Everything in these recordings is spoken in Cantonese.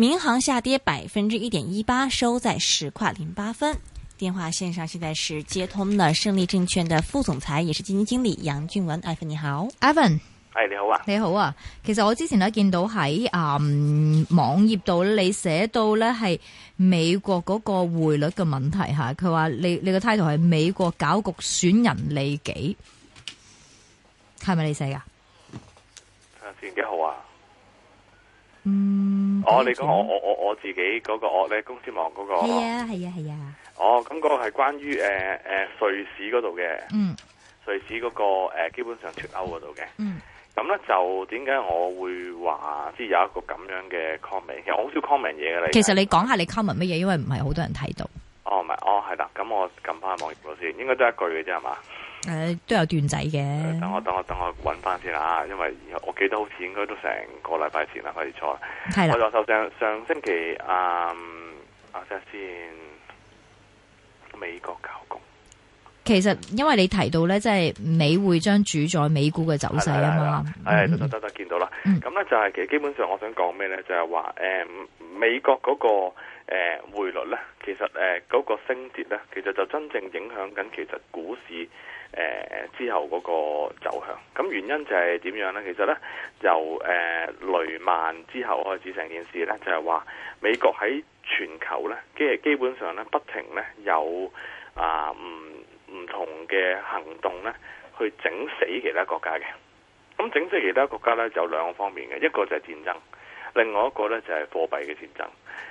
民航下跌百分之一點一八，收在十塊零八分。電話線上現在是接通了勝利證券的副總裁，也是基金經理楊俊文。Ivan 你好，Ivan，你好啊，你好啊。其實我之前呢，見到喺啊、嗯、網頁度，你寫到呢係美國嗰個匯率嘅問題吓，佢話你你個 title 係美國搞局損人利己，係咪你寫噶？先啊，前幾好啊？嗯，哦，你講我我我我自己嗰個我咧公司網嗰個，係啊係啊係啊。哦，咁嗰個係關於誒誒瑞士嗰度嘅，嗯，瑞士嗰個誒基本上脫歐嗰度嘅，嗯，咁咧就點解我會話即係有一個咁樣嘅 comment，其實我好少 comment 嘢嘅你。其實你講下你 comment 乜嘢，因為唔係好多人睇到。哦，唔係，哦係啦，咁我撳翻網頁度先，應該都係一句嘅啫，係嘛。誒、嗯，都有段仔嘅。等我，等我，等我揾翻先啦，因為我記得好似應該都成個禮拜前啦，可以坐。錯的，係啦，我再收聲。上星期，嗯，啊，等先。美國教工，其實因為你提到咧，即係美匯將主宰美股嘅走勢啊嘛。係，得得得，等、嗯，見到啦。咁咧、嗯、就係其實基本上我想講咩咧，就係話誒，美國嗰、那個誒匯、呃、率咧，其實誒嗰個升跌咧，其實就真正影響緊其實股市。誒，之後嗰個走向，咁原因就係點樣呢？其實呢，由誒、呃、雷曼之後開始，成件事呢，就係話美國喺全球呢，基基本上呢不停呢有啊唔唔同嘅行動呢去整死其他國家嘅。咁整死其他國家呢，就兩個方面嘅，一個就係戰爭。另外一個呢，就係貨幣嘅戰爭，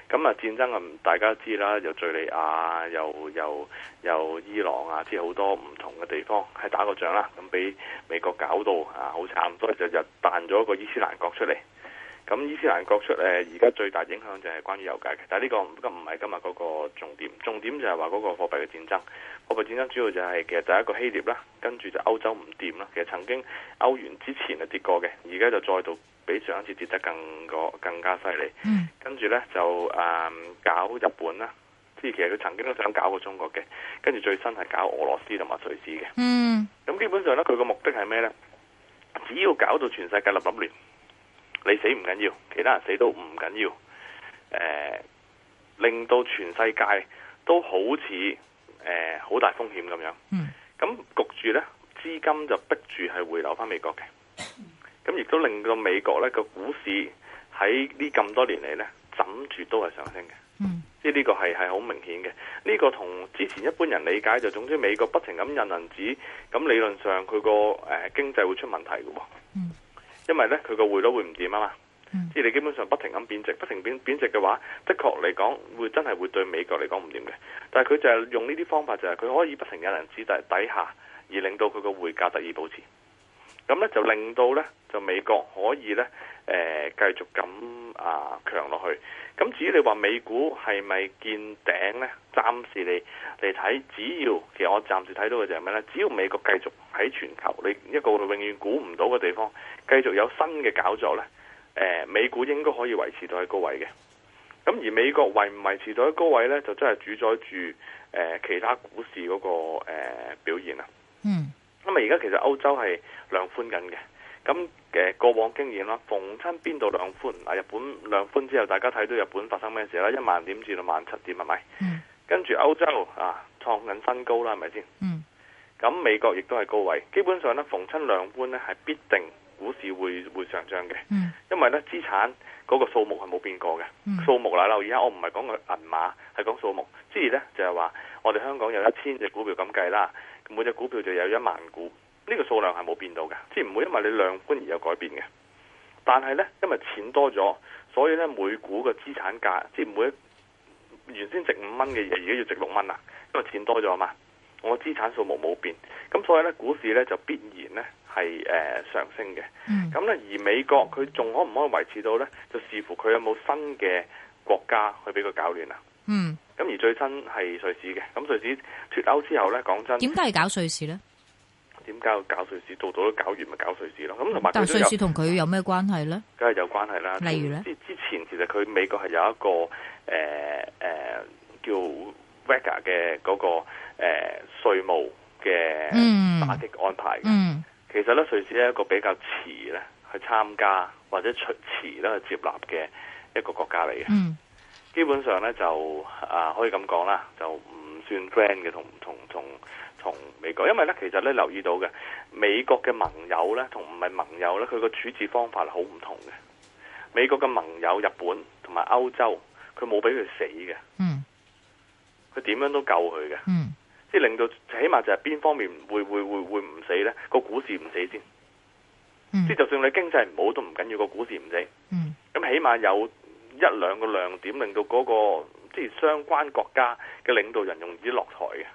咁啊戰爭啊大家知啦，有敘利亞又又又伊朗啊，即係好多唔同嘅地方係打過仗啦，咁俾美國搞到啊好慘，所以就就彈咗個伊斯蘭國出嚟。咁伊斯蘭國出誒，而家最大影響就係關於油價嘅，但係呢個唔咁唔係今日嗰個重點，重點就係話嗰個貨幣嘅戰爭。貨幣戰爭主要就係、是、其實第一個希臘啦，跟住就歐洲唔掂啦，其實曾經歐元之前就跌過嘅，而家就再度，比上一次跌得更加更加犀利，嗯、跟住呢，就誒、嗯、搞日本啦，即係其實佢曾經都想搞過中國嘅，跟住最新係搞俄羅斯同埋瑞士嘅。嗯，咁基本上呢，佢個目的係咩呢？只要搞到全世界立立亂，你死唔緊要，其他人死都唔緊要。誒、呃，令到全世界都好似誒好大風險咁樣。嗯，咁焗住呢，資金就逼住係回流返美國嘅。咁亦都令到美國呢個股市喺呢咁多年嚟呢，枕住都係上升嘅，即係呢個係係好明顯嘅。呢個同之前一般人理解就總之美國不停咁印銀紙，咁理論上佢個誒經濟會出問題嘅。嗯，因為呢，佢個匯率會唔掂啊嘛。即係你基本上不停咁貶值，不停貶貶值嘅話，的確嚟講會真係會對美國嚟講唔掂嘅。但係佢就係用呢啲方法就係佢可以不停印銀紙底底下，而令到佢個匯價得以保持。咁咧就令到咧，就美國可以咧，誒、呃、繼續咁啊強落去。咁至於你話美股係咪見頂咧？暫時你嚟睇，只要其實我暫時睇到嘅就係咩咧？只要美國繼續喺全球，你一個永遠估唔到嘅地方，繼續有新嘅搞作咧，誒、呃、美股應該可以維持到喺高位嘅。咁而美國維唔維持到喺高位咧，就真係主宰住誒、呃、其他股市嗰、個、呃、表現啦。咁而家其實歐洲係量寬緊嘅，咁誒過往經驗啦，逢親邊度量寬啊？日本量寬之後，大家睇到日本發生咩事啦？一萬點至到萬七點，係咪？嗯、跟住歐洲啊，創緊新高啦，係咪先？咁、嗯、美國亦都係高位，基本上呢，逢親量寬呢，係必定股市會會上漲嘅。嗯、因為呢，資產嗰個數目係冇變過嘅、嗯、數目啦。而家我唔係講個銀碼，係講數目。即係呢，就係、是、話我哋香港有一千隻股票咁計啦。每隻股票就有一萬股，呢個數量係冇變到嘅，即係唔會因為你量寬而有改變嘅。但係呢，因為錢多咗，所以呢，每股嘅資產價，即係每一原先值五蚊嘅嘢，而家要值六蚊啦，因為錢多咗啊嘛。我資產數目冇變，咁所以呢，股市呢就必然呢係誒、呃、上升嘅。咁、mm. 呢，而美國佢仲可唔可以維持到呢？就視乎佢有冇新嘅國家去俾佢搞亂啦。嗯。Mm. 咁而最新係瑞士嘅。咁瑞士脱歐之後咧，講真點解係搞瑞士咧？點解搞瑞士？到到都搞完咪搞瑞士咯？咁同埋，但瑞士同佢有咩關係咧？梗係有關係啦。例如咧，即之前其實佢美國係有一個誒、呃呃、叫 Vega 嘅嗰、那個誒、呃、稅務嘅打擊安排嗯。嗯。其實咧，瑞士係一個比較遲咧去參加或者遲呢去接納嘅一個國家嚟嘅。嗯。基本上咧就啊可以咁講啦，就唔算 friend 嘅同同同同美國，因為咧其實咧留意到嘅美國嘅盟友咧同唔係盟友咧，佢個處置方法係好唔同嘅。美國嘅盟友，日本同埋歐洲，佢冇俾佢死嘅，嗯，佢點樣都救佢嘅，嗯，即係令到起碼就係邊方面會會會會唔死咧？個股市唔死先，即係、嗯、就算你經濟唔好都唔緊要，個股市唔死，咁、嗯嗯、起碼有一兩個亮點，令到嗰個即係相關國家嘅領導人容易落台嘅。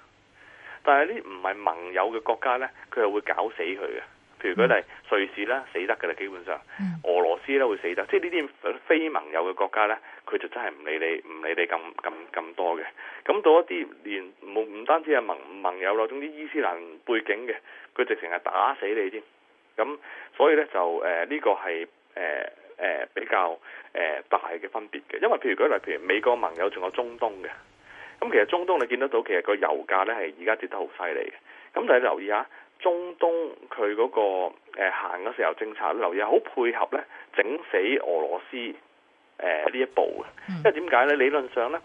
但係呢唔係盟友嘅國家咧，佢又會搞死佢嘅。譬如佢哋瑞士啦，死得㗎啦，基本上。嗯。俄羅斯咧會死得，即係呢啲非盟友嘅國家咧，佢就真係唔理你，唔理你咁咁咁多嘅。咁到一啲連冇唔單止係盟盟友咯，總之伊斯蘭背景嘅，佢直情係打死你添。咁所以咧就誒呢個係誒。誒、呃，比較誒、呃、大嘅分別嘅，因為譬如舉個例，譬如美國盟友，仲有中東嘅，咁、嗯、其實中東你見得到，其實個油價咧係而家跌得好犀利嘅。咁你留意一下，中東佢嗰、那個誒、呃、行嘅石油政策，你留意一下，好配合咧整死俄羅斯誒呢、呃、一步嘅。因為點解咧？理論上咧，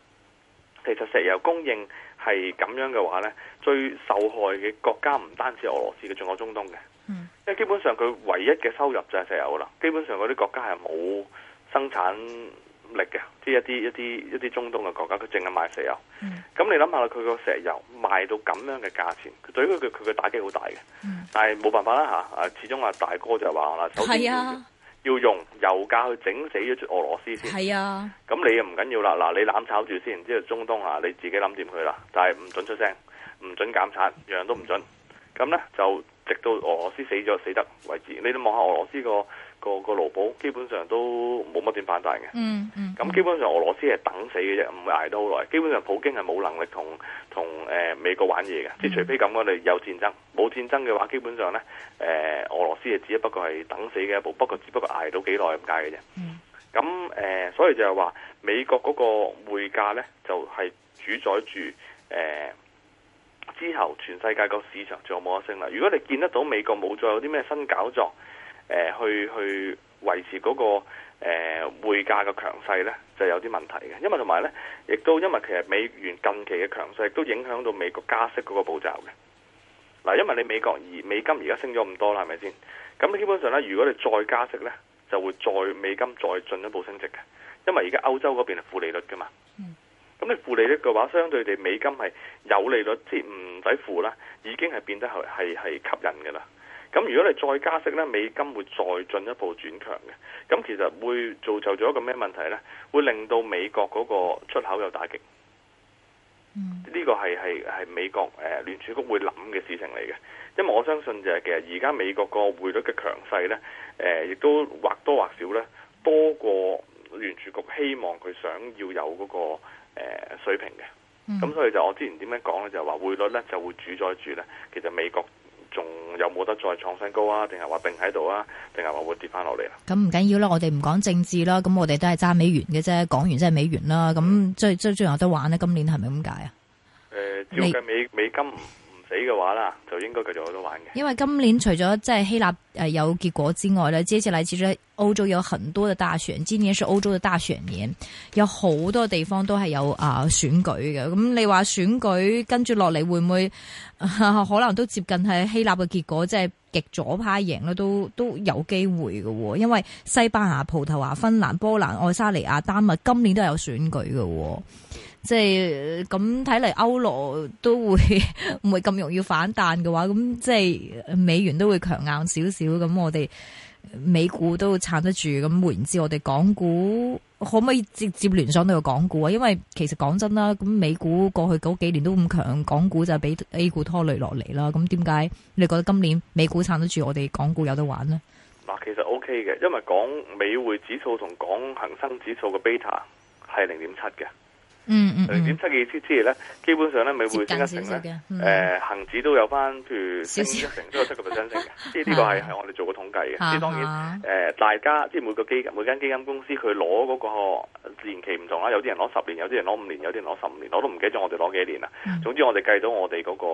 其實石油供應係咁樣嘅話咧，最受害嘅國家唔單止俄羅斯嘅，仲有中東嘅。因為基本上佢唯一嘅收入就係石油啦，基本上嗰啲國家係冇生產力嘅，即係一啲一啲一啲中東嘅國家，佢淨係賣石油。咁、嗯、你諗下佢個石油賣到咁樣嘅價錢，佢對佢嘅佢嘅打擊好大嘅。嗯、但係冇辦法啦吓，誒，始終話大哥就話啦，首先要用油價去整死咗隻俄羅斯先。係啊。咁你又唔緊要啦，嗱，你攬炒住先，即係中東啊，你自己諗掂佢啦，但係唔准出聲，唔准減產，樣都唔准。咁呢就直到俄羅斯死咗死得為止，你都望下俄羅斯個個個盧布基本上都冇乜點反彈嘅。嗯嗯。咁基本上俄羅斯係等死嘅啫，唔會捱到好耐。基本上普京係冇能力同同美國玩嘢嘅，即係除非咁我度有戰爭，冇戰爭嘅話，基本上呢誒俄羅斯係只不過係等死嘅一步，不，不過只不過捱到幾耐咁解嘅啫。咁誒、嗯呃，所以就係話美國嗰個匯價咧，就係、是、主宰住誒。呃之後，全世界個市場就冇得升啦。如果你見得到美國冇再有啲咩新搞作，誒去去維持嗰個誒匯價嘅強勢呢，就有啲問題嘅。因為同埋呢，亦都因為其實美元近期嘅強勢都影響到美國加息嗰個步驟嘅。嗱，因為你美國而美金而家升咗咁多啦，係咪先？咁基本上呢，如果你再加息呢，就會再美金再進一步升值嘅。因為而家歐洲嗰邊係負利率㗎嘛。嗯咁你負利率嘅話，相對地美金係有利率，即唔使負啦，已經係變得係係吸引嘅啦。咁如果你再加息咧，美金會再進一步轉強嘅。咁其實會造就咗一個咩問題咧？會令到美國嗰個出口有打擊。嗯。呢個係係係美國誒、呃、聯儲局會諗嘅事情嚟嘅，因為我相信就係其實而家美國個匯率嘅強勢咧，誒，亦都或多或少咧多過聯儲局希望佢想要有嗰個。誒、呃，水平嘅，咁、嗯、所以就我之前點樣講咧，就話匯率咧就會主宰住咧。其實美國仲有冇得再創新高啊？定係話停喺度啊？定係話會跌翻落嚟啊？咁唔緊要啦，我哋唔講政治啦。咁我哋都係揸美元嘅啫，港元即係美元啦。咁最最最後得玩呢。今年係咪咁解啊？誒、呃，照計美你美金。死嘅話啦，就應該繼續好多玩嘅。因為今年除咗即係希臘，誒，有結果之外呢，呢次乃至咗歐洲有很多嘅大選，今年是歐洲嘅大選年，有好多地方都係有啊選舉嘅。咁、嗯、你話選舉跟住落嚟會唔會、啊、可能都接近係希臘嘅結果，即係極左派贏都都有機會喎！因為西班牙、葡萄牙、芬蘭、波蘭、愛沙尼亞、丹麥今年都有選舉喎。即係咁睇嚟，歐羅都會唔 會咁容易反彈嘅話，咁即係美元都會強硬少少。咁我哋美股都撐得住。咁換言之，我哋港股可唔可以直接聯想到個港股啊？因為其實講真啦，咁美股過去嗰幾年都咁強，港股就俾 A 股拖累落嚟啦。咁點解你覺得今年美股撐得住，我哋港股有得玩呢？嗱，其實 OK 嘅，因為講美匯指數同港恒生指數嘅 beta 係零點七嘅。嗯嗯零點七嘅意思之嚟咧，基本上咧，美匯升一成咧，誒恒、嗯、指都有翻，譬如升一成都有七、嗯、 個 percent 升嘅。即係呢個係係我哋做嘅統計嘅。即係當然誒、 呃，大家即係每個基金每間基金公司佢攞嗰個年期唔同啦。有啲人攞十年，有啲人攞五年，有啲人攞十五年。我都唔記得我哋攞幾年啦。嗯、總之我哋計到我哋嗰個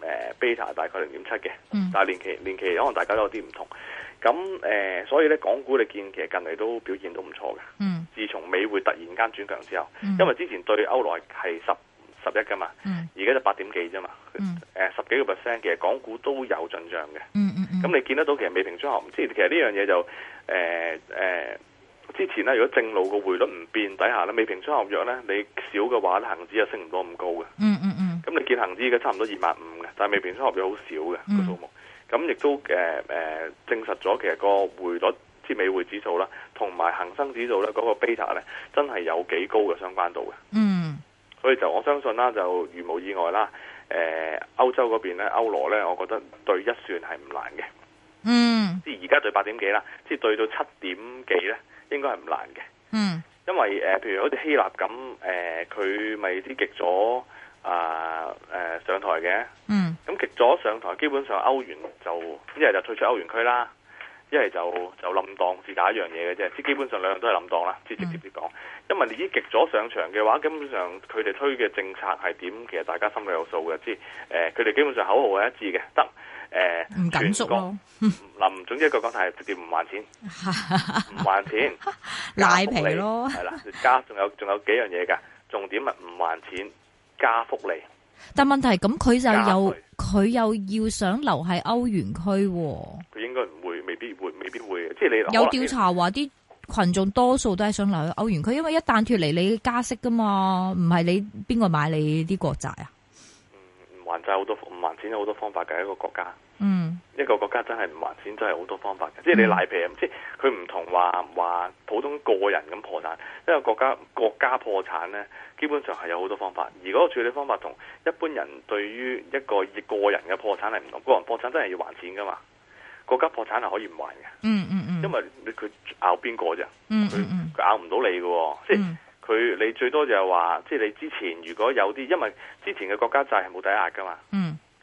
誒 beta 大概零點七嘅。嗯、但係年期年期可能大家都有啲唔同。咁誒、呃，所以咧，港股你見其實近嚟都表現都唔錯嘅。嗯，自從美匯突然間轉強之後，嗯、因為之前對歐羅係十十一嘅嘛，嗯、而家就八點幾啫嘛。誒、嗯呃、十幾個 percent，其實港股都有進帳嘅、嗯。嗯嗯咁你見得到其實未平倉合約，即係其實呢樣嘢就誒誒、呃呃，之前咧如果正路嘅匯率唔變底下咧，未平倉合約咧你少嘅話咧，恒指、嗯嗯嗯、指就升唔到咁高嘅。嗯嗯嗯。咁你見恒指嘅差唔多二萬五嘅，但係未平倉合約好少嘅個數目。咁亦都誒誒、呃呃、證實咗其實個匯率、即美匯指數啦，同埋恒生指數咧，嗰、那個 beta 咧，真係有幾高嘅相關度嘅。嗯，所以就我相信啦，就如無意外啦，誒、呃、歐洲嗰邊咧，歐羅咧，我覺得對一算係唔難嘅。嗯，即係而家對八點幾啦，即係對到七點幾咧，應該係唔難嘅。嗯，因為、呃、譬如好似希臘咁，誒佢咪啲極左啊、呃呃、上台嘅。嗯。咁極左上台，基本上歐元就一係就退出歐元區啦，一係就就冧檔自打一樣嘢嘅啫。即基本上兩樣都係冧檔啦，直接直接講。接嗯、因為你已經極左上場嘅話，基本上佢哋推嘅政策係點？其實大家心裏有數嘅，即係佢哋基本上口號係一致嘅，得唔、呃、緊縮國咯。嗱，嗯、總之一個講係直接唔還錢，唔還錢，賴皮咯。係啦，加仲有仲有幾樣嘢㗎，重點係唔還錢，加福利。皮但問題係，咁佢就又佢又要想留喺歐元區，佢應該唔會未，未必會，未必會。即係你有調查話啲群眾多數都係想留喺歐元區，因為一旦脫離，你嘅加息噶嘛，唔係你邊個買你啲國債啊？唔唔還債好多。錢有好多方法嘅。一個國家，一個國家真係唔還錢，真係好多方法嘅。即係你賴皮，即係佢唔同話話普通個人咁破產，一個國家國家破產呢，基本上係有好多方法。而嗰個處理方法同一般人對於一個個人嘅破產係唔同。個人破產真係要還錢噶嘛？國家破產係可以唔還嘅。因為佢咬邊個啫？佢咬唔到你嘅，即係佢你最多就係話，即係你之前如果有啲，因為之前嘅國家債係冇抵押噶嘛。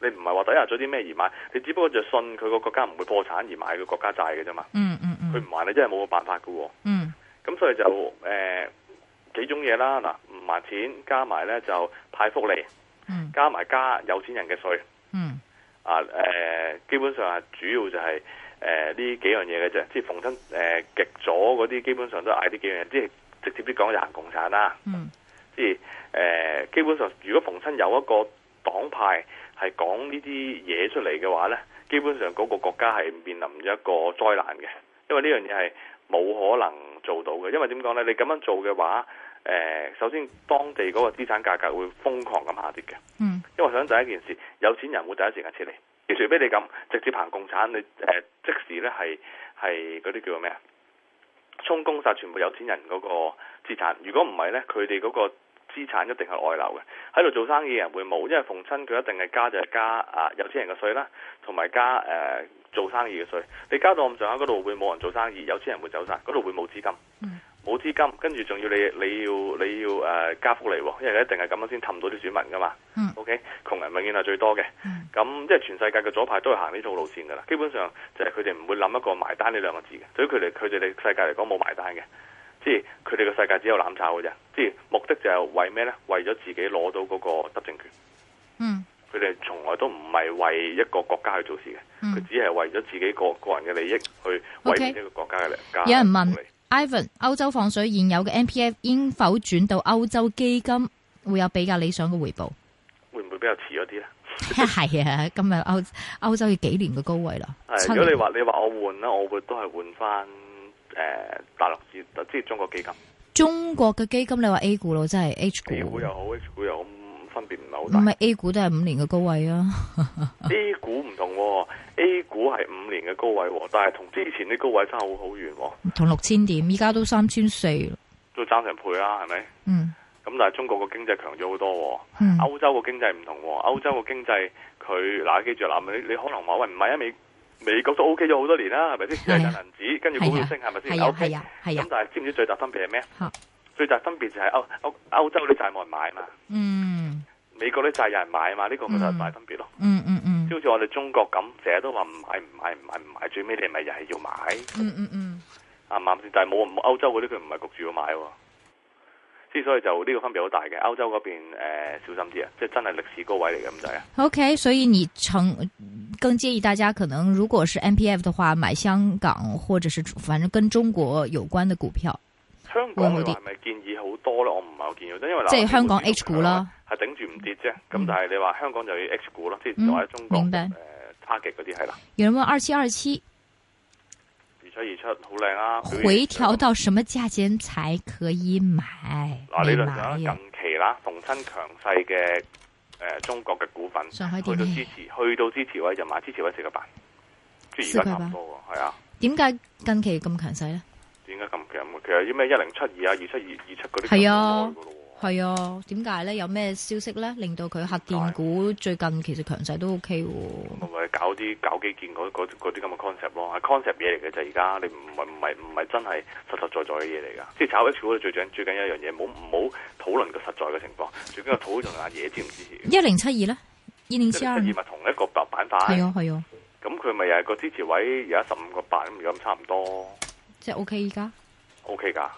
你唔係話抵押咗啲咩而買，你只不過就信佢個國家唔會破產而買佢國家債嘅啫嘛。嗯嗯，佢唔還你真係冇個辦法㗎。嗯，咁所以就誒、呃、幾種嘢啦，嗱唔還錢，加埋咧就派福利，嗯、加埋加有錢人嘅稅。嗯，啊誒、呃，基本上係主要就係誒呢幾樣嘢嘅啫。即係逢親誒極左嗰啲，基本上都係嗌呢幾樣嘢，即係直接啲講就共產啦。嗯，即係誒、呃、基本上如果逢親有一個黨派。係講呢啲嘢出嚟嘅話呢，基本上嗰個國家係面臨咗一個災難嘅，因為呢樣嘢係冇可能做到嘅。因為點講呢？你咁樣做嘅話，誒、呃，首先當地嗰個資產價格會瘋狂咁下跌嘅。嗯。因為我想第一件事，有錢人會第一時間撤離。你除非你咁直接行共產，你誒、呃、即時呢係係嗰啲叫做咩啊？充公曬全部有錢人嗰個資產。如果唔係呢，佢哋嗰個。資產一定係外流嘅，喺度做生意嘅人會冇，因為逢親佢一定係加就係、係、加啊，有錢人嘅稅啦，同埋加、呃、做生意嘅稅。你加到咁上下嗰度會冇人做生意，有錢人會走晒，嗰度會冇資金，冇、嗯、資金，跟住仲要你你要你要、呃、加福利喎，因為一定係咁樣先氹到啲選民噶嘛。嗯、OK，窮人永遠係最多嘅，咁即係全世界嘅左派都係行呢套路線噶啦，基本上就係佢哋唔會諗一個埋單呢兩個字嘅，對於佢哋佢哋哋世界嚟講冇埋單嘅。即係佢哋個世界只有攬炒嘅啫，即係目的就係為咩咧？為咗自己攞到嗰個執政權。嗯，佢哋從來都唔係為一個國家去做事嘅，佢、嗯、只係為咗自己個個人嘅利益去為呢個國家嘅利益。Okay. 有人問 Ivan，歐洲放水，現有嘅 MPF 應否轉到歐洲基金會有比較理想嘅回報？會唔會比較遲咗啲咧？係 啊，今日歐歐洲嘅幾年嘅高位啦。啊、年如果你話你話我換啦，我會都係換翻。誒、呃，大陸市即係中國基金，中國嘅基金你話 A 股咯，即係 H 股又好，H 股又好，分別唔係好大。唔係 A 股都係五年嘅高位啊 ！A 股唔同、啊、，A 股係五年嘅高位、啊，但係同之前啲高位差好好遠、啊。同六千點，依家都三千四，都爭成倍啦、啊，係咪？嗯。咁但係中國嘅經濟強咗好多、啊，歐、嗯、洲嘅經濟唔同、啊，歐洲嘅經濟佢嗱，記住啦，你你可能話喂唔係啊，美。美國都 OK 咗好多年啦，係咪先？即係銀紙跟住股票升，係咪先？係啊，係啊。咁，但係知唔知最大分別係咩？最大分別就係歐歐歐洲啲債冇人買嘛。嗯美國啲債有人買嘛？呢個佢就係大分別咯。嗯嗯嗯，即好似我哋中國咁，成日都話唔買唔買唔買唔買，最尾你咪又係要買。嗯嗯嗯。慢先，但係冇歐洲嗰啲，佢唔係焗住要買。之所以就呢個分別好大嘅，歐洲嗰邊誒小心啲啊！即係真係歷史高位嚟嘅咁就係。O K，所以而從更建議大家可能如果是 MPF 的話，買香港或者是反正跟中國有關的股票。香港啲係咪建議好多咧？我唔係好建議，因為即係香港了 H 股啦，係頂住唔跌啫。咁、嗯、但係你話香港就要 H 股啦，即係再者中國誒 target 嗰啲係啦。有人問二七二七，二七二七好靚啊！回調到什麼價錢才可以買？嗱、啊，理論上近期啦，逢親強勢嘅。誒、呃、中國嘅股份，上海電去到支持，去到支持位就買，支持位四個八，即係而家冇咁多喎，係啊。點解近期咁強勢咧？點解咁強勢？其實啲咩一零七二啊、二七二、二七嗰啲係啊。係 啊，點解咧？有咩消息咧？令到佢核電股最近其實強勢都 OK 喎。咪咪搞啲搞基建嗰啲咁嘅 concept 咯，係 concept 嘢嚟嘅，就而家，你唔係唔係唔係真係實實在在嘅嘢嚟噶。即係炒 H 股咧，最緊最緊一樣嘢，冇好唔好討論個實在嘅情況，最緊要討論下嘢支唔支持。一零七二咧，一零七二咪同一個白板塊。係啊係啊。咁佢咪又係個支持位而家十五個八咁樣，差唔多。即係 OK 而家。OK 噶。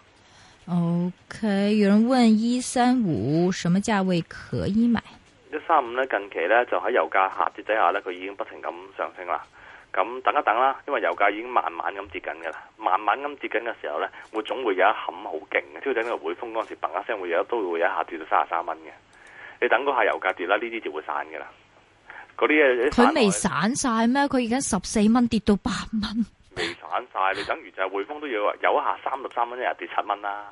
O、okay, K，有人問一三五什麼價位可以買一三五咧？近期咧就喺油價下跌底下咧，佢已經不停咁上升啦。咁等一等啦，因為油價已經慢慢咁跌緊嘅啦。慢慢咁跌緊嘅時候咧，會總會有一坎好勁嘅。跳頂到匯豐嗰時，嘭一聲會有一都會有一下跌到三十三蚊嘅。你等嗰下油價跌啦，呢啲就會了散嘅啦。嗰啲佢未散晒咩？佢而家十四蚊跌到八蚊，未散晒。你等於就係匯豐都要有一下三十三蚊一日跌七蚊啦。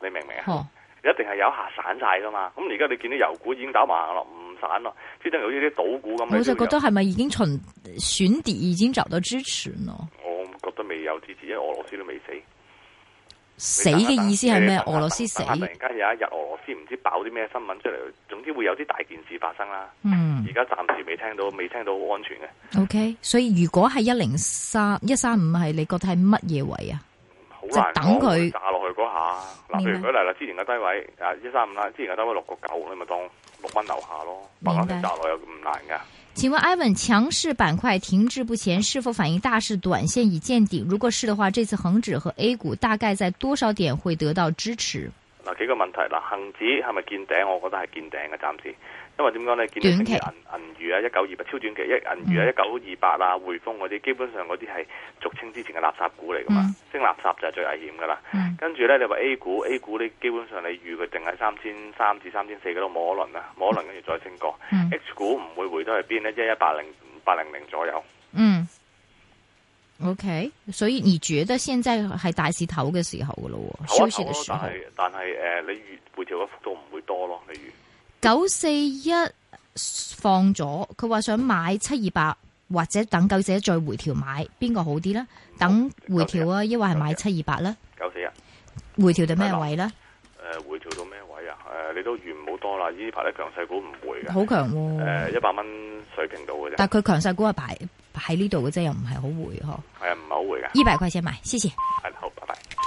你明唔明啊？Oh. 一定係有下散晒噶嘛。咁而家你見到油股已經打橫啦，唔散咯。即係等於好似啲賭股咁。我就覺得係咪已經尋尋底，已經找到支持呢？我覺得未有支持，因為俄羅斯都未死。死嘅意思係咩？俄羅斯死。嗯、突然間有一日俄羅斯唔知爆啲咩新聞出嚟，總之會有啲大件事發生啦。嗯。而家暫時未聽到，未聽到好安全嘅。O、okay. K，所以如果係一零三一三五係，你覺得係乜嘢位啊？等佢炸落去嗰下，嗱白，譬如佢嚟啦，之前嘅低位，啊，一三五啦，之前嘅低位六個九，你咪當六蚊樓下咯，慢慢去炸落去有咁難噶。請問，Ivan 強勢板塊停滯不前，是否反映大市短線已見頂？如果是的話，這次恒指和 A 股大概在多少點會得到支持？嗱，幾個問題，嗱，恒指係咪見頂？我覺得係見頂嘅，暫時。因為點講咧？你見到銀銀娛啊，一九二八超短期，一銀娛啊，一九二八啊，匯豐嗰啲，基本上嗰啲係俗稱之前嘅垃圾股嚟噶嘛，嗯、升垃圾就係最危險噶啦。嗯、跟住咧，你話 A 股，A 股你基本上你預佢定喺三千三至三千四都冇可能啊，冇可能跟住、嗯、再升過。嗯、H 股唔會回到去邊呢，即係一百零五八零零左右。嗯，OK，所以你覺得現在係大市頭嘅時候噶咯，收市時但係誒、呃，你回調嘅幅度唔會多咯，例如。九四一放咗，佢話想買七二八，或者等九四一再回調買，邊個好啲咧？行等回調啊，抑或係買七二八咧？九四一回調到咩位咧？誒，回調到咩位啊？誒、呃，你都遠唔好多啦，呢排啲強勢股唔回嘅，好強喎。誒、呃，一百蚊水平度嘅啫。但係佢強勢股係排喺呢度嘅啫，又唔係好回嗬。係啊，唔係好回嘅。一百塊錢買，謝謝。係好，拜拜。